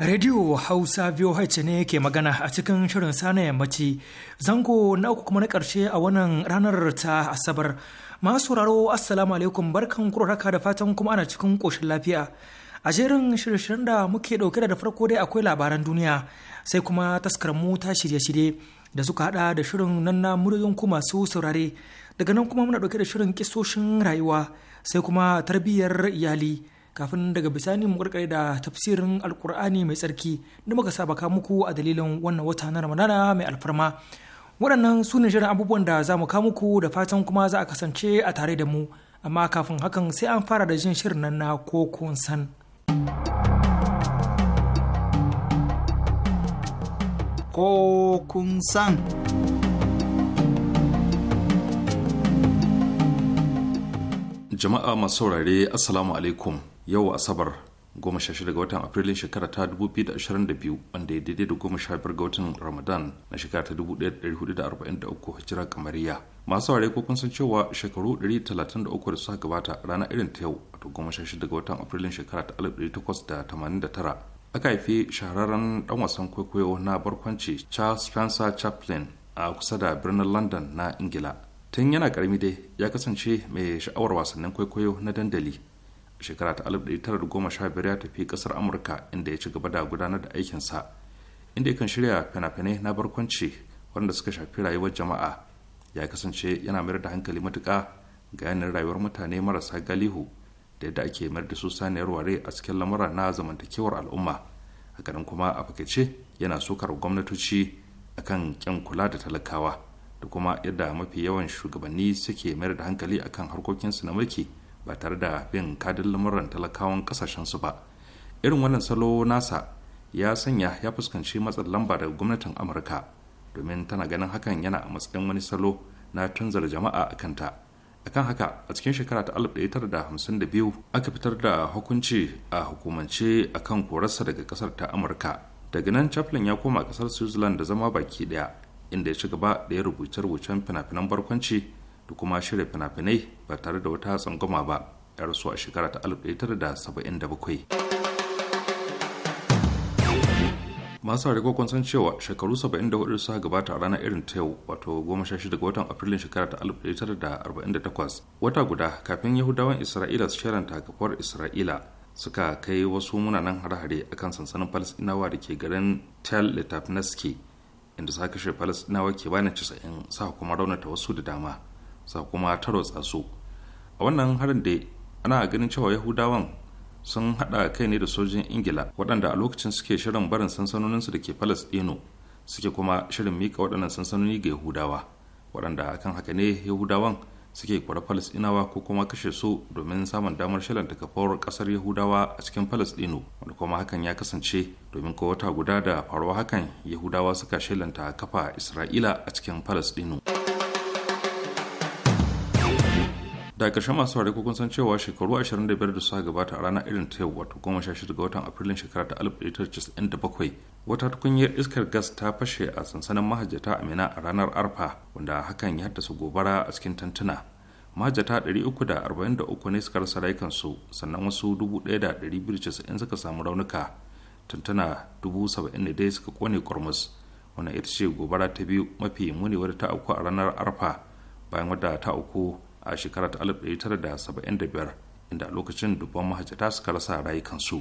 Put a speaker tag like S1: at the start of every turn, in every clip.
S1: Radio Hausa VOH ne ke magana a cikin shirin sana yammaci zango na uku kuma na ƙarshe a wannan ranar ta Asabar. Masu raro Assalamu alaikum barkan kuraraka da fatan kuma ana cikin ƙoshin lafiya. A jerin shirin da muke ɗauke da farko dai akwai labaran duniya sai kuma taskar mu ta shirye-shirye da suka hada da shirin nan na muryoyin ku masu saurare daga nan kuma muna ɗauke da shirin kisoshin rayuwa sai kuma tarbiyyar iyali. kafin daga bisani mu karkare da tafsirin alkur'ani mai tsarki da muka ka muku a dalilin wannan wata na ramadana mai alfarma waɗannan su ne shirin abubuwan da za mu ka muku da fatan kuma za a kasance a tare da mu amma kafin hakan sai an fara da jin shirin nan na kokon san kokun san
S2: jama'a masu saurare assalamu alaikum yau asabar 16 ga watan afrilun shekara ta 2022 wanda ya daidai da 15 ga watan ramadan na shekara ta 1443 hijira kamariya masu ware ko kun san cewa shekaru 133 da suka gabata rana irin ta yau wato 16 ga watan afrilun shekara ta 1889 aka haifi shahararren dan wasan kwaikwayo na barkwanci charles spencer chaplin a kusa da birnin london na ingila tun yana karami dai ya kasance mai sha'awar wasannin kwaikwayo na dandali shekara ta da goma sha 1915 ya tafi kasar amurka inda ya ci gaba da gudanar da aikinsa inda yakan shirya fina-finai na barkwanci wanda suka shafi rayuwar jama'a ya kasance yana mayar da hankali matuka ga yanayin rayuwar mutane marasa galihu da yadda ake mayar da su saniyar ware a cikin lamura na zamantakewar al'umma hakanan kuma a fakaice yana sukar gwamnatoci akan kyan kula da talakawa da kuma yadda mafi yawan shugabanni suke mayar da hankali akan harkokinsu na mulki ba tare da bin kadin lamuran talakawan kasashen su ba irin wannan salo nasa ya sanya ya fuskanci matsin lamba daga gwamnatin amurka domin tana ganin hakan yana a matsayin wani salo na tunzar jama'a a kanta akan haka a cikin shekara ta 1952 aka fitar da hukunci a hukumance a kan korarsa daga kasar ta amurka daga nan chaplin ya koma kasar switzerland da zama baki daya inda ya ci gaba da ya rubuce-rubucen fina-finan barkwanci da kuma shirya fina-finai ba tare da wata tsangwama ba ya rasu a shekara ta 1977 masu hariko kun san cewa shekaru 74 suka gabata a ranar irin ta yau wato 16 ga watan afrilun shekara ta 1948 wata guda kafin yahudawan isra'ila su ta kafuwar isra'ila suka kai wasu munanan hare-hare akan sansanin falasɗinawa da ke garin tel litafneski inda suka kashe falasɗinawa kimanin 90 sa kuma raunata wasu da dama sa kuma taro su a wannan harin da ana ganin cewa yahudawan sun hada kai ne da sojin ingila waɗanda a lokacin suke shirin barin sansanoninsu da ke palestino suke kuma shirin mika waɗannan sansanoni ga yahudawa waɗanda akan haka ne yahudawan suke kwara palestinawa ko kuma kashe su domin samun damar shalanta kafawar ƙasar yahudawa a cikin palestino wanda kuma hakan ya kasance domin ko wata guda da faruwa hakan yahudawa suka shalanta kafa isra'ila a cikin palestino. da ƙarshen masu ware kun san cewa shekaru 25 da suka gabata a ranar irin ta yau wato 16 ga watan afrilun shekara ta 1997 wata tukunyar iskar gas ta fashe a sansanin mahajjata a mina a ranar arfa wanda hakan ya haddasa gobara a cikin tantuna mahajjata 343 ne suka rasa rayukansu sannan wasu 1,290 suka samu raunuka tantuna 70,000 suka kone kurmus wannan ita ce gobara ta biyu mafi muni wadda ta auku a ranar arfa bayan wadda ta auku a shekarar biyar inda lokacin dubban mahajjata suka rasa rayukansu.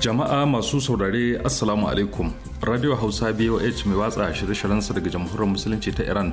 S2: jama'a masu saurare assalamu alaikum radio hausa boh mai watsa shirye-shiryensa daga jamhuriyar musulunci ta iran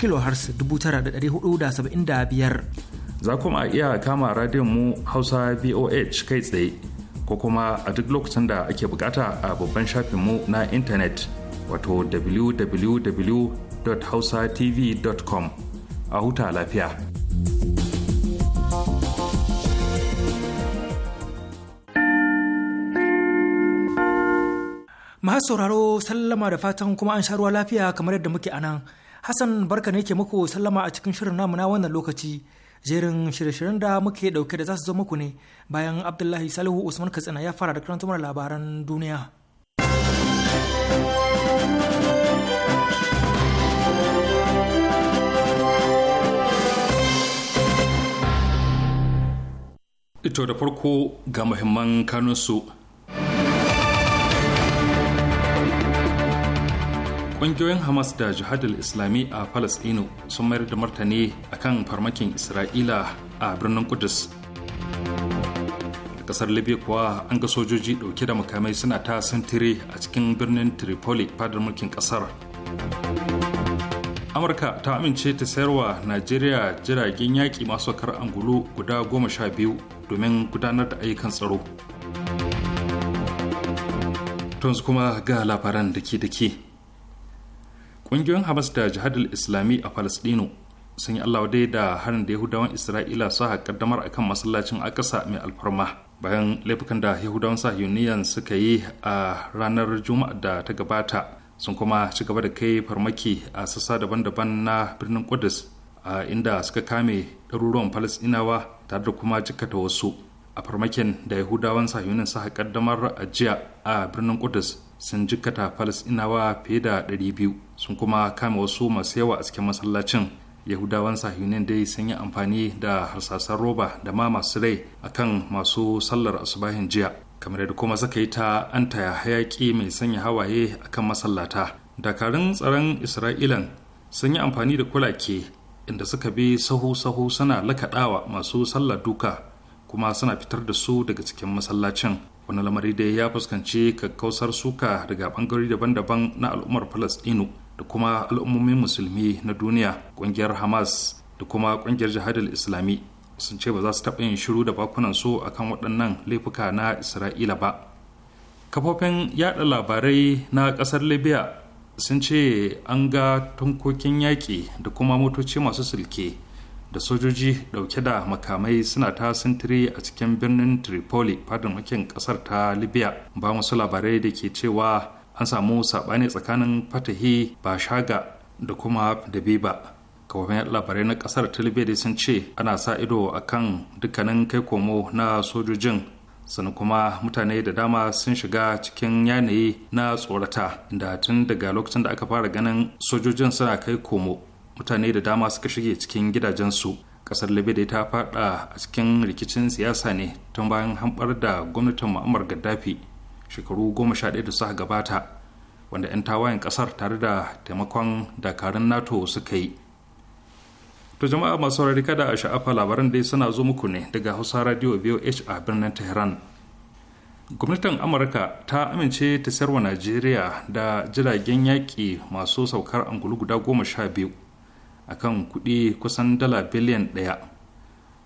S1: kilohertz biyar.
S2: za kuma iya kama radiyon mu hausa boh kai tsaye ko kuma a duk lokacin da ake bukata a babban shafin mu na intanet wato www.hausatv.com a huta lafiya
S1: masu sauraro sallama da fatan kuma an sha ruwa lafiya kamar yadda muke anan. Hassan barka ne ke muku sallama a cikin shirin namu na wannan lokaci. Jerin shirye-shiryen da muke dauke da za su zo muku ne bayan Abdullahi Salihu Usman Katsina ya fara da karanta labaran duniya.
S2: Ito da farko ga muhimman kanunsu. ƙungiyoyin hamas da jihadul islami a palestino sun mayar da martani a kan farmakin isra'ila a birnin kudus kasar libya kuwa an ga sojoji ɗauke da makamai suna ta sintiri a cikin birnin tripoli fadar mulkin ƙasar. amurka ta amince ta sayarwa najeriya jiragen yaƙi masu kar angulu guda goma sha biyu domin gudanar da ayyukan tsaro tunzu kuma ga labaran dake-dake ƙungiyoyin hamas da jihadul islami a palestino sun yi allah dai da harin da yahudawan isra'ila su haƙa kaddamar akan masallacin akasa mai alfarma bayan laifukan da yahudawan sahiyuniyan suka yi a ranar juma'a da ta gabata sun kuma ci gaba da kai farmaki a sassa daban-daban na birnin kudus a inda suka kame ɗaruruwan falasɗinawa tare da kuma jikata wasu a farmakin da yahudawan sahiyunin sa kaddamar a jiya a birnin kudus sun jikkata falasɗinawa fiye da 200 sun kuma kame wasu masu yawa a cikin masallacin yahudawan sahunin dai sun yi amfani da harsasan roba da ma masu rai akan masu sallar asubahin jiya kamar da kuma suka yi ta an antaya hayaki mai sanya hawaye akan masallata dakarun tsaron isra'ilan sun yi amfani da kulake inda suka bi sahu-sahu suna lakaɗawa masu sallar duka kuma suna fitar da su daga cikin masallacin wani lamari da ya fuskanci kakkausar suka daga bangarori daban-daban na al'ummar palestino da kuma al'ummomin musulmi na duniya ƙungiyar hamas da kuma ƙungiyar jihadar islami sun ce ba za su taɓa yin shiru da bakunan su akan waɗannan laifuka na isra'ila ba kafofin yada labarai na ƙasar libya sun ce an ga tunkokin yaƙi da kuma motoci masu silke da sojoji dauke da makamai suna ta sintiri a cikin birnin tripoli makin kasar ta libya ba musu labarai da ke cewa an samu saɓani tsakanin fatahi shaga da kuma da ba kawafin labarai na kasar ta libya sun ce ana sa ido a kan dukkanin kai komo na sojojin sannan kuma mutane da dama sun shiga cikin yanayi na tsorata da tun daga lokacin da aka fara ganin sojojin suna kai komo mutane da dama suka shige cikin gidajensu kasar libya ta faɗa a cikin rikicin siyasa ne tun bayan hambar da gwamnatin mu'ammar gaddafi shekaru goma sha ɗaya da suka gabata wanda 'yan tawayen ƙasar tare da taimakon dakarun nato suka yi to jama'a masu saurari kada a sha'afa labaran dai suna zo muku ne daga hausa radio voh a birnin tehran gwamnatin amurka ta amince ta sayarwa najeriya da jiragen yaƙi masu saukar angulu guda goma sha biyu akan kuɗi kusan dala biliyan ɗaya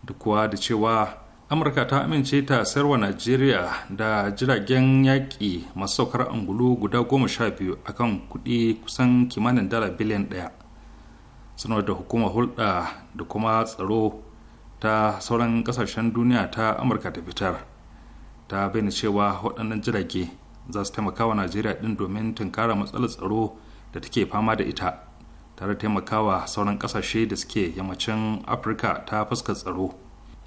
S2: da kuwa da cewa amurka ta amince ta sayarwa najeriya da jiragen yaƙi masu saukar angulu guda goma sha biyu akan kuɗi kusan kimanin dala biliyan ɗaya sanar da hukumar hulɗa da kuma tsaro ta sauran ƙasashen duniya ta amurka ta fitar ta bayyana cewa waɗannan jirage za su taimaka wa najeriya ɗin domin tunkara matsalar tsaro da take fama da ita tare taimakawa sauran kasashe da suke yammacin afirka ta fuskar tsaro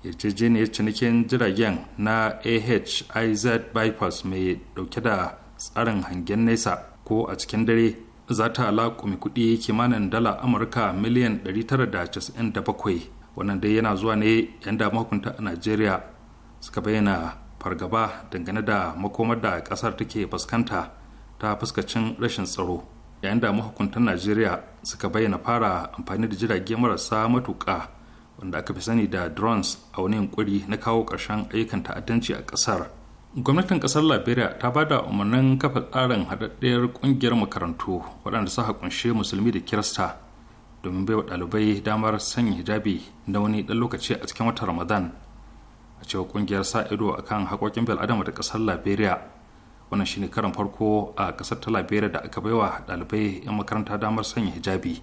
S2: yarjejeniyar cinikin jiragen na ahiz bypass mai dauke da tsarin hangen nesa ko a cikin dare za ta laƙumi kuɗi kimanin dala amurka miliyan 997 wannan dai yana zuwa ne 'yan da mahukunta a nigeria suka bayyana fargaba dangane da makomar da ƙasar take fuskanta ta fuskacin rashin tsaro yayin da mahukuntan najeriya suka bayyana fara amfani da jirage marasa matuka wanda aka fi sani da drones a wani yunkuri na kawo ƙarshen ayyukan ta'addanci a ƙasar gwamnatin ƙasar liberia ta ba da umarnin kafa tsarin haɗaɗɗiyar ƙungiyar makarantu waɗanda suka kunshe musulmi da kirista domin baiwa ɗalibai damar sanya hijabi na wani ɗan lokaci a cikin watan ramadan a cewa ƙungiyar sa ido akan haƙoƙin bil'adama da ƙasar liberia wannan shine karan farko a kasar ta liberia da aka baiwa dalibai 'yan makaranta damar sanya hijabi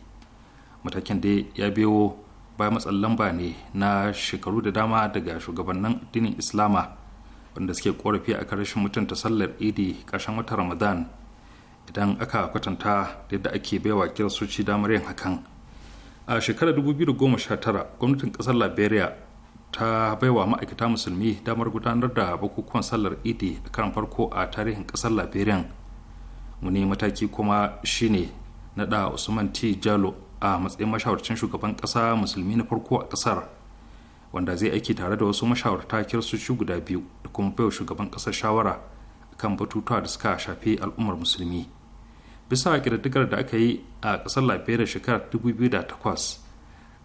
S2: matakin da ya biyo bayan matsan lamba ne na shekaru da dama daga shugabannin addinin islama wanda suke korafi a rashin mutunta sallar idi ƙarshen watan ramadan idan aka kwatanta da yadda ake baiwa kiristoci damar yin hakan a shekarar 2019 gwamnatin ƙasar liberia ta baiwa ma'aikata musulmi damar gudanar da bukukuwan sallar idi a karan farko a tarihin kasar liberian wani mataki kuma shine naɗa usman t jalo a matsayin mashawarcin shugaban ƙasa musulmi na farko a ƙasar wanda zai aiki tare da wasu mashawarta kiristoci guda biyu da kuma baiwa shugaban ƙasar shawara kan batutuwa da suka shafi al'ummar musulmi bisa ƙididdigar da aka yi a ƙasar liberia shekarar 2008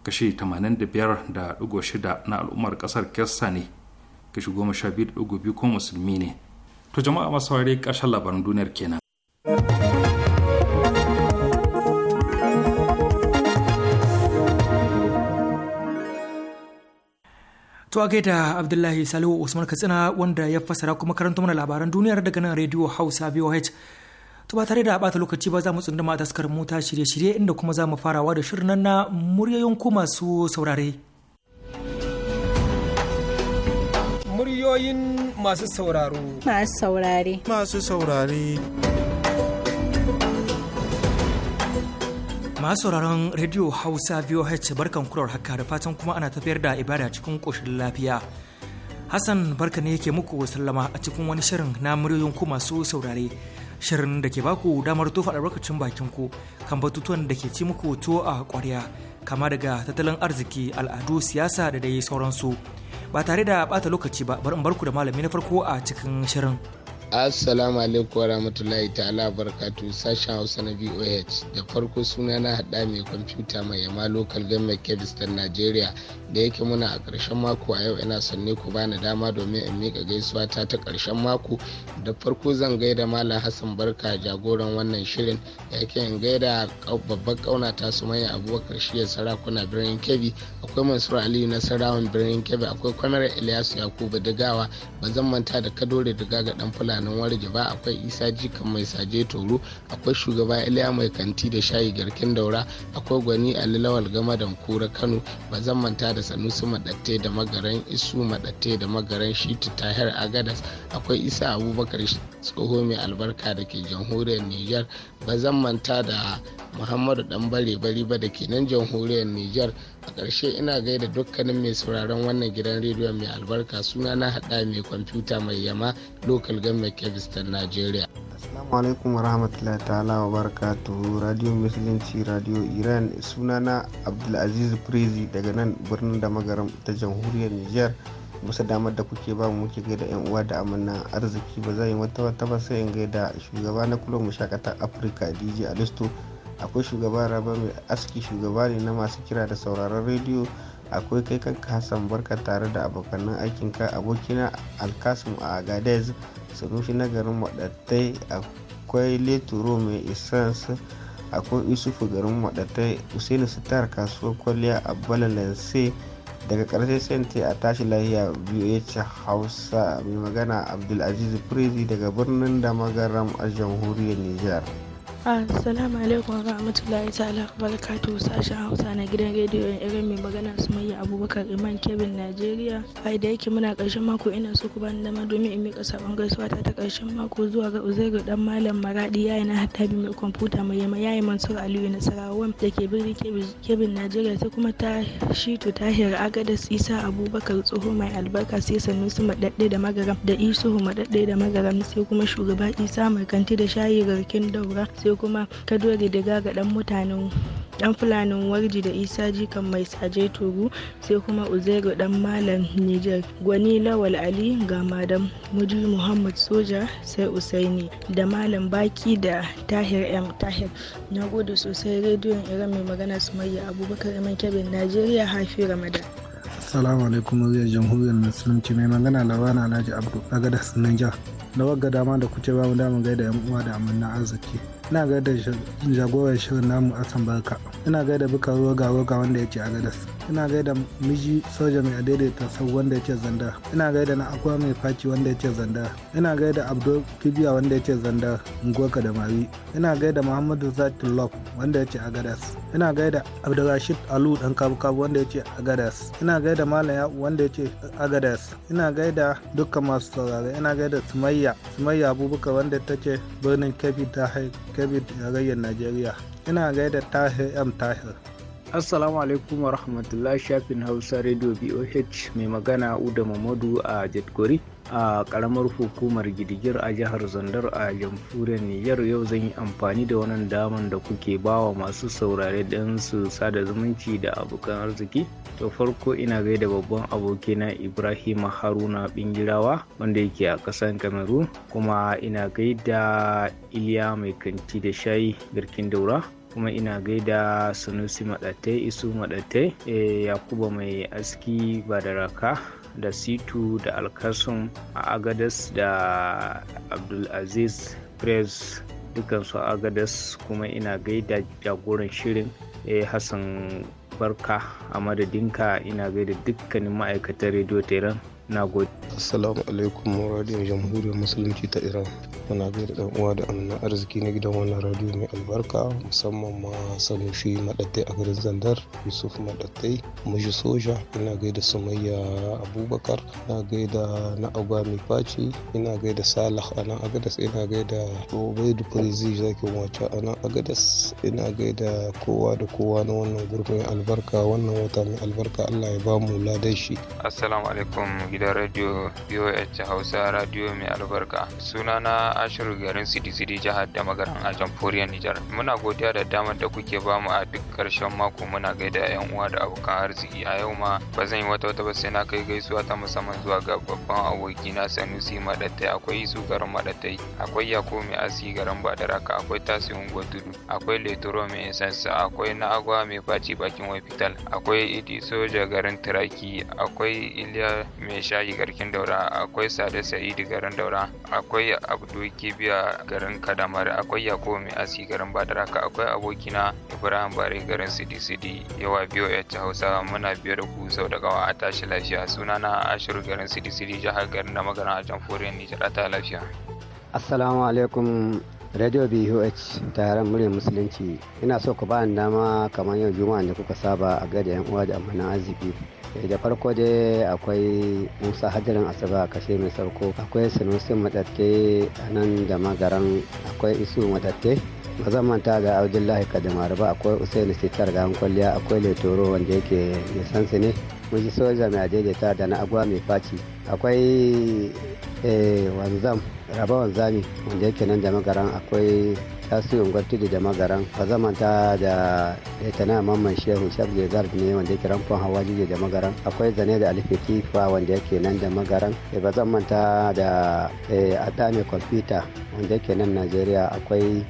S2: kashi 85.6 na al'ummar kasar kirista ne kashi 12.2 ko musulmi ne to jama'a masu saurare ƙarshen labaran duniyar kenan
S1: To a da Abdullahi Salihu Usman Katsina wanda ya fasara kuma karanta mana labaran duniyar daga nan Radio Hausa VOH To ba tare da bata lokaci ba za mu tsunduma taskar mota shirye-shirye inda kuma za mu farawa da shirin nan na muryoyin ku masu saurare. Muryoyin masu sauraro.
S3: Masu saurare. Masu saurare.
S1: masu sauraron Radio hausa voh barkan kurar haka da fatan kuma ana tafiyar da ibada cikin ƙoshin lafiya hassan barka ne yake muku sallama a cikin wani shirin na muryoyin ku masu saurare shirin da ke baku damar tofa lokacin bakin ku kan batutuwan da ke ci muku tuwo a ƙwarya kama daga tattalin arziki al'adu siyasa da dai sauransu ba tare da bata lokaci ba bar in barku da malami na farko a cikin shirin.
S4: assalamu alaikum warahmatullahi ta'ala barkatu sashen hausa na voh da farko suna na hada mai kwamfuta mai yama local government kebistan Najeriya. da yake muna a ƙarshen mako a yau ina sanne ku bani dama domin in miƙa gaisuwa ta ta ƙarshen mako da farko zan gaida malam hassan barka jagoran wannan shirin da yake in gaida babban kaunata ta su manya abubakar shiyar sarakuna birnin kebbi akwai mansur aliyu na sarawan birnin kebbi akwai kwamar ilyasu yakubu digawa ba zan manta da kadore diga ga dan fulani mutanen warje ba akwai isa jika mai saje toro akwai shugaba iliya mai kanti da shayi garkin daura akwai gwani alilawal gama da kura kano ba zan manta da sanusi madatte da magaran isu madatte da magaran shitu tahir agadas akwai isa abubakar tsoho mai albarka da ke jamhuriyar niger ba zan manta da muhammadu dan bare bari ba da ke nan jamhuriyar niger a ƙarshe ina gaida dukkanin mai sauraron wannan gidan rediyon mai albarka suna na haɗa mai kwamfuta mai yama local government kevistan nigeria Assalamu alaikum wa
S3: rahmatullahi ta'ala wa barakatuhu Radio Musulunci Radio Iran sunana Abdulaziz Prezi daga nan birnin da magaram ta jamhuriyar niger musa damar da kuke ba mu muke gaida yan uwa da amanna arziki ba zai yi wata wata ba sai in gaida shugaba na kulo mu Afirka DJ Alisto akwai shugaba raba mai aski shugaba ne na masu kira da sauraron rediyo akwai kai kanka hassan barka tare da abokanan aikin ka abokina alkasim a agadez sanufi na garin maɗattai akwai leturo mai essence akwai isufu garin maɗattai usaini sitar kasuwar kwalliya a balalanse daga karshe sente a tashi lahiya voh hausa mai magana abdulaziz prezi daga birnin damagaram a jamhuriyar
S5: nijar
S6: Assalamu alaikum wa rahmatullahi ta'ala wa barakatuhu sashen Hausa na gidan rediyo irin mai magana su Sumayya Abubakar Iman Kebin Najeriya. Ai da yake muna karshen mako ina so ku bani dama domin in mika sabon gaisuwa ta ta karshen mako zuwa ga Uzairu dan Malam maraɗi yayi na Hattabi mai kwamfuta mai yamma yayi Mansur Aliyu na Sarawan da ke birnin Kebin Najeriya sai kuma ta Shitu Tahir Agadas Isa Abubakar Tsoho mai albarka sai Sanusi Madadde da Magaram da Isuhu Madadde da Magaram sai kuma shugaba Isa mai kanti da shayi garkin Daura sai kuma kadori diga ga dan mutanen dan fulanin warji da isa jikan mai saje turu sai kuma uzairu dan malam niger gwani lawal ali ga madam muji muhammad soja sai usaini da malam baki da tahir m tahir na gode sosai rediyon iran mai magana sumayya abubakar iman kebin najeriya hafi ramadan
S4: Assalamu alaikum muryar jamhuriyar musulunci mai magana
S7: lawana alhaji abdu da sunan jihar na wagga dama da kuce ba mu damar gaida yan uwa da amanna arziki ina gaida jagoran shirin namu asan barka ina gaida buka roga roga wanda yake a gadas ina gaida miji soja mai adaidaita sau wanda yake zanda ina gaida na akwa mai faci wanda yake zanda ina gaida abdul kibiya wanda yake zanda ngoka da mawi ina gaida muhammadu zatullah wanda yake agadas ina gaida abdulrashid alu
S8: dan kabu-kabu wanda yake agadas ina gaida malam wanda yake agadas ina gaida dukkan masu saurare ina gaida sumayya sumayya abubakar wanda take birnin kebbi ta kebbi tarayyar najeriya ina gaida tahir m tahir
S4: Assalamu alaikum wa rahmatullahi shafin Hausa Radio BOH mai magana Uda Mamadu a Jadgori a karamar hukumar gidigir a jihar Zandar a jamhuriyar Nijar yau zan yi amfani da wannan daman da kuke bawa masu saurare don su sada zumunci da abokan arziki. to farko ina gaida babban abokina Ibrahim Haruna Bingirawa wanda yake a kasan Kamaru kuma ina gaida Iliya mai kanti da shayi girkin daura kuma ina gaida Sunusi Maɗatai, Isu Maɗatai, eh, Yakuba mai aski Badaraka da Situ da Alkasum a Agadas da Abdulaziz Prez dukansu a Agadas kuma ina gaida jagoran shirin eh, Hassan barka a madadinka ina gaida dukkanin ma'aikatan rediyo teran
S9: na gode assalamu alaikum radio jamhuriyar musulunci ta iran muna gaida dan uwa da amina arziki na gidan wannan radio mai albarka musamman ma sanushi madattai a garin zandar yusuf madattai mushi soja ina gaida sumayya abubakar ina gaida na agwa mai faci ina gaida salah a nan agadas ina gaida obaidu firizi zaki wace a nan agadas ina gaida kowa da kowa na wannan gurbin albarka wannan wata mai albarka allah ya bamu ladan shi assalamu alaikum gidan radio BOH Hausa radio mai albarka. Sunana Ashiru garin Sidi Sidi jihar da magaran a jamhuriya Nijar. Muna godiya da damar da kuke bamu a duk ƙarshen mako muna gaida 'yan uwa da abokan arziki a yau ma ba zan yi wata wata ba sai na kai gaisuwa ta musamman zuwa ga babban abokina Sanusi Madattai akwai su garin Madattai akwai yako mai Asi garin Badaraka akwai Tasi Ungo Tudu akwai Leturo mai Esensa akwai Na'agwa mai baci bakin Wafital akwai Idi Soja garin Turaki akwai Iliya mai shayi garkin daura akwai sade sa'idu garin daura akwai abdu kibiya garin kadamar akwai yakubu mai asi garin badaraka akwai abokina ibrahim bare garin sidi sidi yawa biyo ya hausa muna biyo da ku sau da gawa a tashi lafiya sunana ashiru garin sidi sidi jihar garin da magana a furen nijar ta lafiya
S10: assalamu alaikum radio boh taron muryar musulunci ina so ku ba dama kamar yau juma'a da kuka saba a gada yan uwa da amanan arziki Eh, da farko dai akwai musa hadirin asaba a kashe mai sarko akwai sanusi matatte a nan da magaran akwai isu matatte mazamanta manta da abdullahi kadamar ba akwai usaini sitar ga kwalliya akwai letoro wanda yake nisan ne mun ji soja mai daidaita da na agwa mai faci akwai eh, wanzam raba wanzami wanda yake nan da magaran akwai tasirin tudu da magaran ba zamanta da tana mamman shehu shaf gegard ne wanda yake ramfon hawa jije da magaran akwai zane da fa wanda yake nan da magaran ba eh, zamanta da eh, adame kwamfuta wanda yake nan najeriya akwai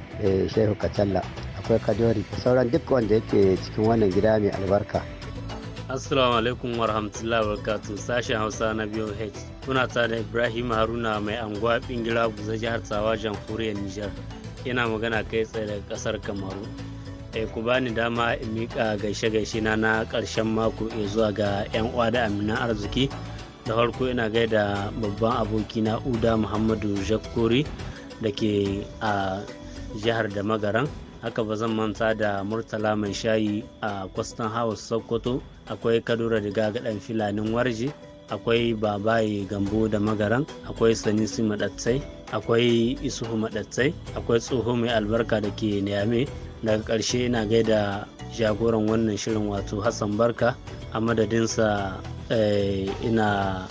S10: shehu kacalla akwai kadori sauran duk wanda yake cikin wannan gida mai albarka Assalamu alaikum wa rahmatullahi wa barakatu sashen Hausa na H. Kuna ta da Ibrahim Haruna mai anguwa bingira buza jihar Tsawa jamhuriyar Nijar. Yana magana kai tsaye daga kasar Kamaru. E, ku bani dama in mika gaishe-gaishe na na karshen mako e zuwa ga 'yan uwa da aminan arziki. Da farko ina gaida babban aboki na Uda Muhammadu Jakkori da ke a jihar da magaran haka ba zan manta da murtala mai shayi a kwastan house sokoto akwai kadura riga gaɗan filanin warji akwai babaye gambo da magaran akwai sanisi madatsai akwai isuhu madatsai akwai tsoho mai albarka da ke niyame daga ƙarshe ina gaida jagoran wannan shirin wato hassan barka a madadinsa eh, ina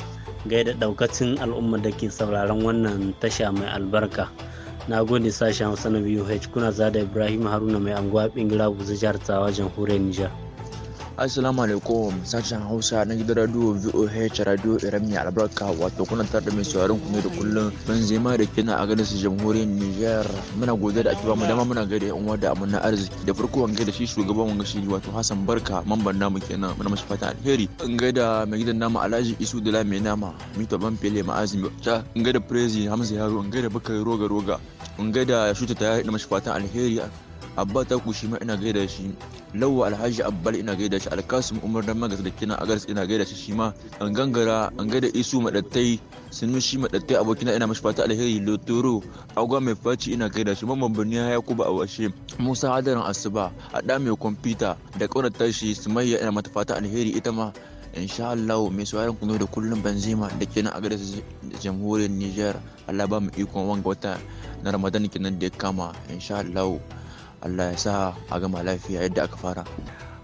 S10: gaida daukacin al'ummar da ke sauraron wannan tasha mai albarka na gode sashen hausa na biyu kuna zada ibrahim haruna mai anguwa bingira buzu jihar tawa jamhuriyar nijar
S11: Assalamu alaikum sashen Hausa na gidan radio VOH radio Irami albarka wato kuna tare da mai sauraron ku da kullum ban zema da kina a ganin su jamhuriyar Niger muna gode da ake ba mu dama muna gaida yan uwa da na arziki da farko an gaida shi shugaban wanga shi wato Hassan Barka mamban namu kenan muna mashi fata alheri an gaida mai gidan nama Alhaji Isu Dala mai nama Mito Banfele Ma'azimi in gaida Prezi Hamza Yaro in gaida Bakari Roga Roga in gaida shuta ta da mashi fatan alheri abba ta kushi ma ina gaida shi lawa alhaji abbal ina gaida shi alkasim umar dan magas da kina agars ina gaida shi shi ma an gangara an gaida isu madattai sunu shi madattai abokina ina mashi fatan alheri lotoro agwa mai faci ina gaida shi mamman birni ya kuba a washe musa hadarin asuba a da mai kwamfuta da kaunar tashi sumayya ina mata fatan alheri ita ma insha Allah mai sauraron kuno da kullum Benzema da nan a garin jamhuriyar Niger Allah ba mu ikon wanga wata na Ramadan kenan da ya kama insha Allah Allah ya sa a gama lafiya yadda aka fara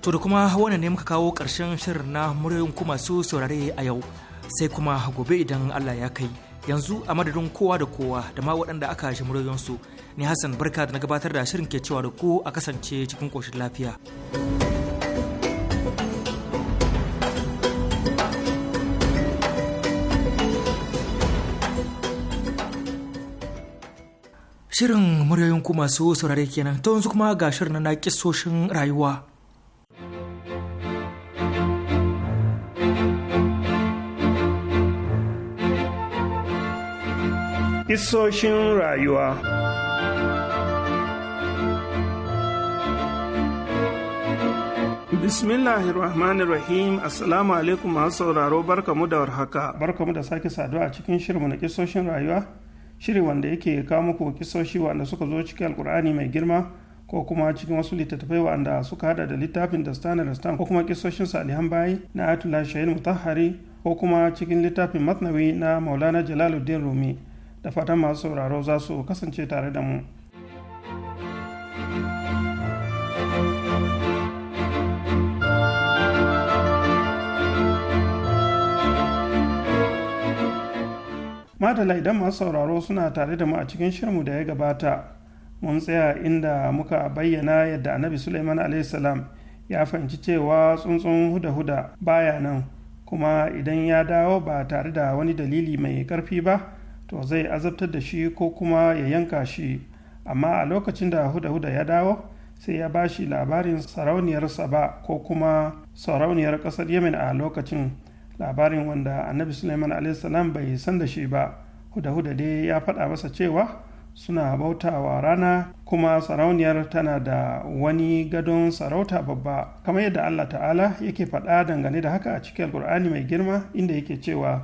S1: to da kuma wannan ne muka kawo karshen shirin na muryoyin kuma masu saurare a yau sai kuma gobe idan Allah ya kai yanzu a madadin kowa da kowa da ma waɗanda aka shi su ne Hassan barka da na gabatar da shirin ke cewa da ku a kasance cikin koshin lafiya. Shirin muryoyin ku masu saurare kenan ta yanzu kuma ga shirin na kisoshin rayuwa.
S12: Kisoshin rayuwa Bismillahirrahmanirrahim Assalamu alaikum masu sauraro barkamu da warhaka barkamu da sake saduwa a cikin shirinmu na kisoshin rayuwa shiri wanda yake kawo muku kisoshi wanda suka zo cikin alkur'ani mai girma ko kuma cikin wasu littattafai wanda suka hada da littafin da stan da ko kuma kisoshin salihan bayi na atula shayin mutahari ko kuma cikin littafin matnawi na maulana jalaluddin rumi da fatan masu sauraro za su kasance tare da mu madala idan masu sauraro suna tare da mu a cikin shirmu da ya gabata mun tsaya inda muka bayyana yadda annabi suleiman salam ya fahimci cewa tsuntsun huda-huda baya nan kuma idan ya dawo ba tare da wani dalili mai karfi ba to zai azabtar da shi ko kuma ya yanka shi amma a lokacin da huda-huda ya dawo sai ya ba shi labarin sarauniyarsa ba ko kuma sarauniyar ƙasar yemen a lokacin labarin wanda annabi suleiman salam bai san da shi ba huda-huda dai ya faɗa masa cewa suna bautawa rana kuma sarauniyar tana da wani gadon sarauta babba kamar yadda allah ta'ala yake faɗa dangane da haka a cikin alkur'ani mai girma inda yake cewa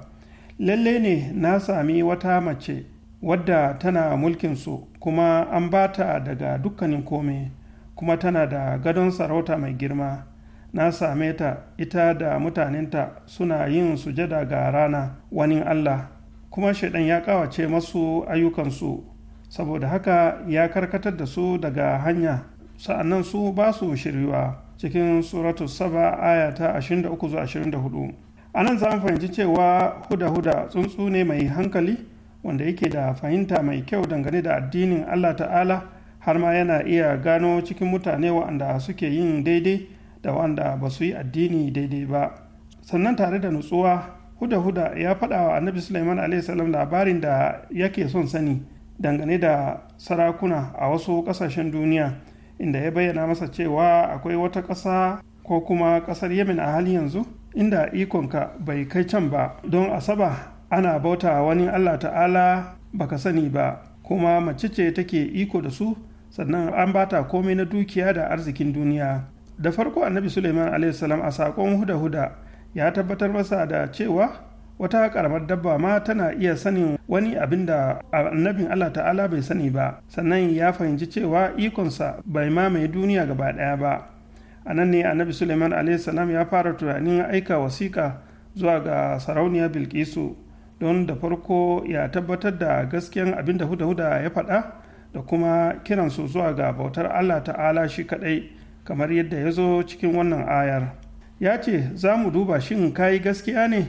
S12: lalle ne na sami wata mace wadda tana mulkinsu kuma an bata daga dukkanin kome kuma tana da gadon sarauta mai girma na same ta ita da mutanenta suna yin sujada ga rana wani Allah kuma shaidan ya kawace masu ayyukansu saboda haka ya karkatar da su daga hanya sa'annan su ba su shiryuwa cikin suratu saba zuwa ashirin 23-24 a nan za fahimci cewa huda-huda tsuntsu ne mai hankali wanda yake da fahimta mai kyau dangane da addinin allah ta'ala har ma yana iya gano cikin mutane waɗanda suke yin daidai da wanda ba su yi addini daidai ba sannan tare da nutsuwa huda-huda ya faɗa wa annabi Sulaiman a.s. labarin da yake son sani dangane da sarakuna a wasu ƙasashen duniya inda ya bayyana masa cewa akwai wata ƙasa ko kuma ƙasar yemen a halin yanzu inda ikonka bai kai can ba don asaba ana bauta wani allah ta'ala ba ka sani ba kuma mace ce take iko da su sannan an bata komai na dukiya da arzikin duniya da farko annabi suleiman alaihissalam a saƙon huda-huda ya tabbatar masa da cewa wata karamar dabba ma tana iya sanin wani abin da annabin allah ta'ala bai sani ba sannan ya fahimci cewa ikonsa bai mamaye duniya gaba ɗaya ba a nan ne annabi suleiman alaihissalam ya fara tunanin aika wasiƙa zuwa ga sarauniya bilkisu don da farko ya tabbatar da gaskiyan abin da huda-huda ya faɗa da kuma kiransu zuwa ga bautar allah ta'ala shi kaɗai kamar yadda ya zo cikin wannan ayar ya ce za mu duba shin ka yi gaskiya ne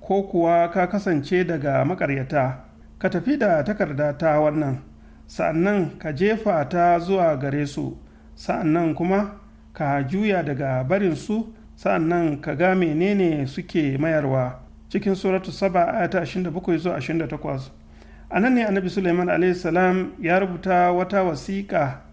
S12: ko kuwa ka kasance daga makaryata ka tafi da takarda ta wannan sa'annan ka jefa ta zuwa gare su sa'annan kuma ka juya daga barinsu sa'annan ka ga menene suke mayarwa cikin suratu saba ayata 27 zuwa 28 a nan ne annabi suleiman salam ya rubuta wata wasiƙa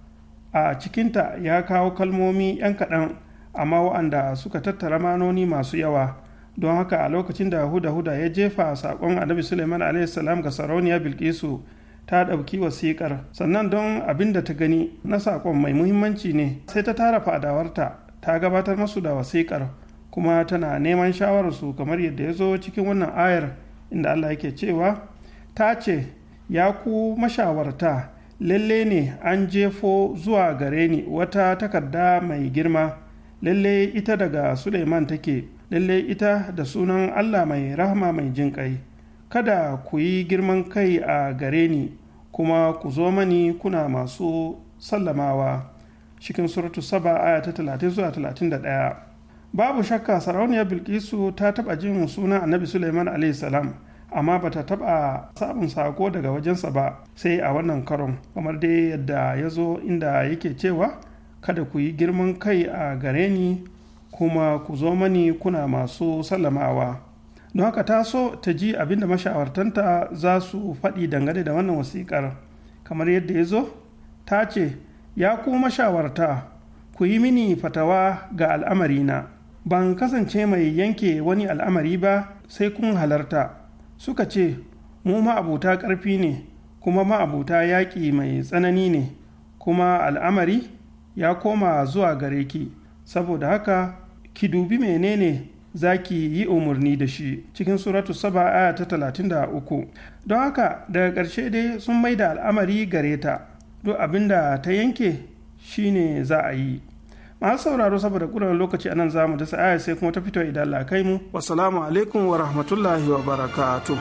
S12: a cikinta ya kawo kalmomi 'yan kaɗan amma wa'anda suka tattara manoni masu yawa don haka a lokacin da huda huda ya jefa saƙon annabi suleiman salam ga sarauniya bilkisu ta ɗauki wasiƙar sannan don abin da ta gani na saƙon mai muhimmanci ne sai ta tara fadawarta ta gabatar masu da wasiƙar kuma tana neman shawararsu kamar yadda ya zo cikin wannan ayar inda allah yake cewa ta ce ya ku mashawarta lalle ne an jefo zuwa gare ni wata takarda mai girma lalle ita daga suleiman take lalle ita da sunan allah mai rahama mai jinƙai kada ku yi girman kai a gare ni kuma ku zo mani kuna masu sallamawa cikin suratu saba aya ta 30 zuwa 31 babu shakka sarauniyar bilkisu ta taɓa jin sunan annabi suleiman salam amma ba ta taɓa sabon sako daga wajensa ba sai a wannan karon kamar dai yadda ya zo inda yake cewa kada ku yi girman kai a gare ni kuma ku zo mani kuna masu sallamawa don haka ta so ta ji abin da mashawartanta za su faɗi dangane da wannan wasiƙar kamar yadda ya zo ta ce ya ku mashawarta ku yi mini fatawa ga al'amarina ban kasance mai yanke wani al'amari ba sai kun halarta suka ce mu ma'abuta ƙarfi ne kuma ma'abuta yaƙi mai tsanani ne kuma al'amari ya koma zuwa gare ki saboda haka ki dubi menene za ki yi umarni da shi cikin suratu saba aya ta talatin da uku don haka daga ƙarshe dai sun mai da al'amari gare ta duk abinda ta yanke shine za a yi a sauraro saboda kuran lokaci anan za mu dasa aya sai kuma ta fito idan la kai mu wasalamu alaikum wa rahmatullahi wa barakatuh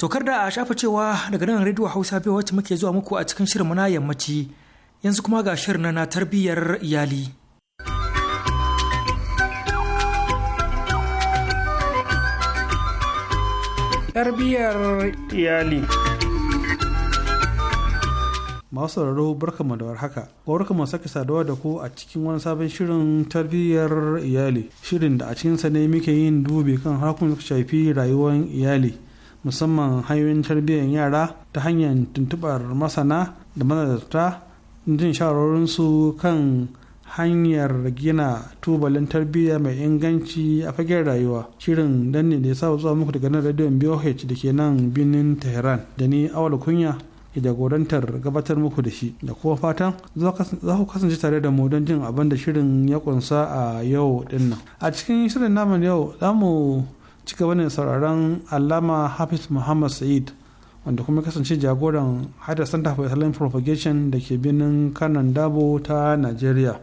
S1: Tokar da a shafa cewa daga nan rediyo Hausa bai wacce muke zuwa muku a cikin shirin na yammaci yanzu kuma ga shirin na tarbiyyar iyali. tarbiyyar iyali
S8: masu sauraro barkamu da warhaka ko mu sake saduwa da ku a cikin wani sabon shirin tarbiyyar iyali shirin da a cikinsa ne muke yin dubi kan harkun da shafi rayuwar iyali musamman hanyoyin tarbiyyar yara ta hanyar tuntubar masana da manazarta jin shawarorinsu kan hanyar gina tubalin tarbiyya mai inganci a fagen rayuwa shirin dan da ya sa zuwa muku daga nan radiyon boh da ke nan binin tehran da ni awal kunya ke jagorantar gabatar muku da shi da kuma fatan za ku kasance tare da mu don jin abin da shirin ya kunsa a yau dinnan. a cikin shirin namun yau za mu ci gaba ne sauraron alama hafiz muhammad sa'id wanda kuma kasance jagoran hada santa for propagation da ke birnin kanan dabo ta nigeria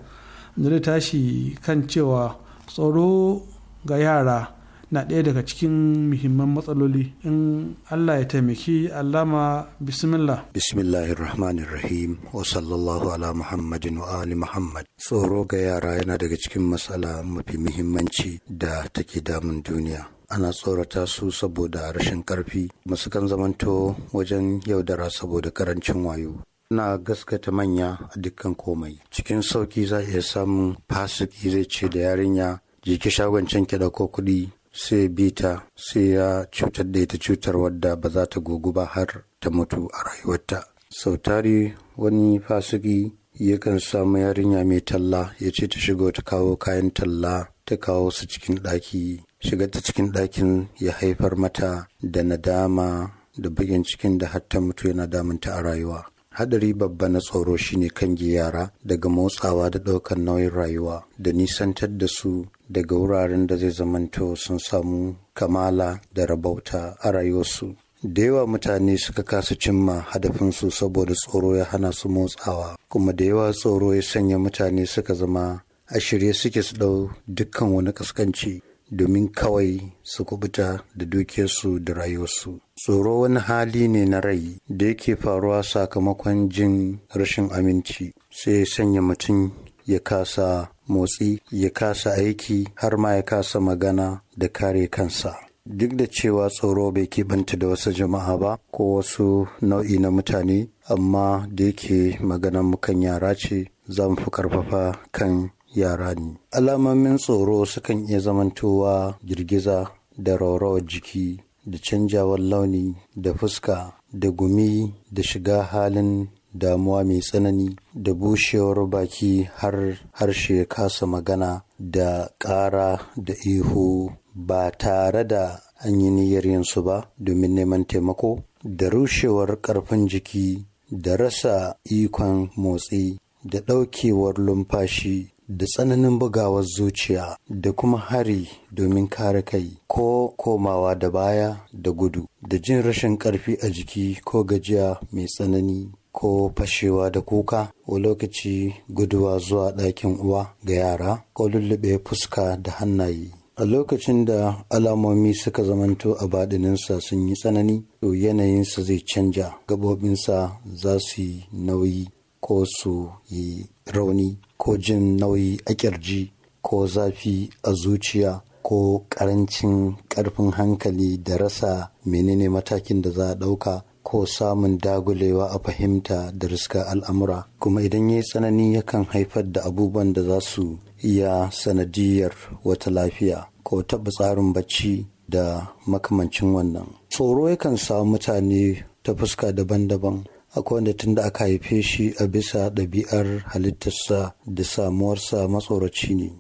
S8: da tashi kan cewa tsoro ga yara na ɗaya daga cikin muhimman matsaloli in Allah ya taimaki
S13: allama bismillah. Bismillahirrahmanirrahim wa sallallahu ala Muhammadin wa ali Muhammad. Tsoro ga yara yana daga cikin matsala mafi muhimmanci da take damun duniya. ana tsorata su saboda rashin karfi masu kan zamanto wajen yaudara saboda karancin wayo na gaskata manya a dukkan komai cikin sauki za iya samun fasiki zai ce da yarinya jiki shagon can ki ko kuɗi sai bita, sai ya cutar da ita cutar wadda ba za ta gogu ba har ta mutu a rayuwarta sautari wani fasiki yakan samu yarinya mai talla ya ce ta shigo ta kawo kayan talla ta kawo su cikin ɗaki shiga ta cikin ɗakin ya haifar mata da nadama da bugin cikin da hatta mutu yana damunta a rayuwa hadari babba na tsoro shine kan yara daga motsawa da ɗaukar nauyin rayuwa da nisantar da su daga wuraren da zai zamanto sun samu kamala da rabauta a rayuwarsu da yawa mutane suka kasa cimma hadafinsu saboda tsoro ya hana su motsawa kuma da yawa tsoro ya sanya mutane suka zama a shirye suke su ɗau dukkan wani kaskanci domin kawai su kubuta da dukiyarsu da rayuwarsu. Tsoro wani hali ne na rai da yake faruwa sakamakon jin rashin aminci sai sanya mutum ya kasa motsi ya kasa aiki har ma ya kasa magana da kare kansa. Duk da cewa tsoro bai keɓanta da wasu jama'a ba ko wasu nau'i na mutane, amma da yake magana mukan yara ce za mu fi karfafa kan yara ne alamomin tsoro sukan iya zamantowa girgiza da rawarwar jiki da canjawar launi da fuska da gumi da shiga halin damuwa mai tsanani da bushewar baki har harshe kasa magana da ƙara da ihu ba tare da an yi niyyar yinsu ba domin neman taimako da rushewar ƙarfin jiki da rasa ikon motsi da ɗaukewar lumfashi da tsananin bugawar zuciya da kuma hari domin kare kai ko komawa da baya da gudu da jin rashin karfi a jiki ko gajiya mai tsanani ko fashewa da kuka ko lokaci guduwa zuwa ɗakin uwa ga yara ko lullube fuska da hannaye a lokacin da alamomi suka zamanto a baɗininsa sun yi tsanani to yanayinsa zai canja gabobinsa za su yi nauyi ko su yi rauni ko jin nauyi a kirji ko zafi a zuciya ko karancin karfin hankali da rasa menene matakin da za a ɗauka ko samun dagulewa a fahimta da riska al'amura kuma idan ya yi tsanani yakan haifar da abubuwan da za su iya sanadiyar wata lafiya ko taɓa tsarin bacci da makamancin wannan tsoro yakan samu mutane ta fuska daban-daban akwai wanda tun da aka haife shi a bisa ɗabi'ar halittarsa da samuwarsa matsoraci ne.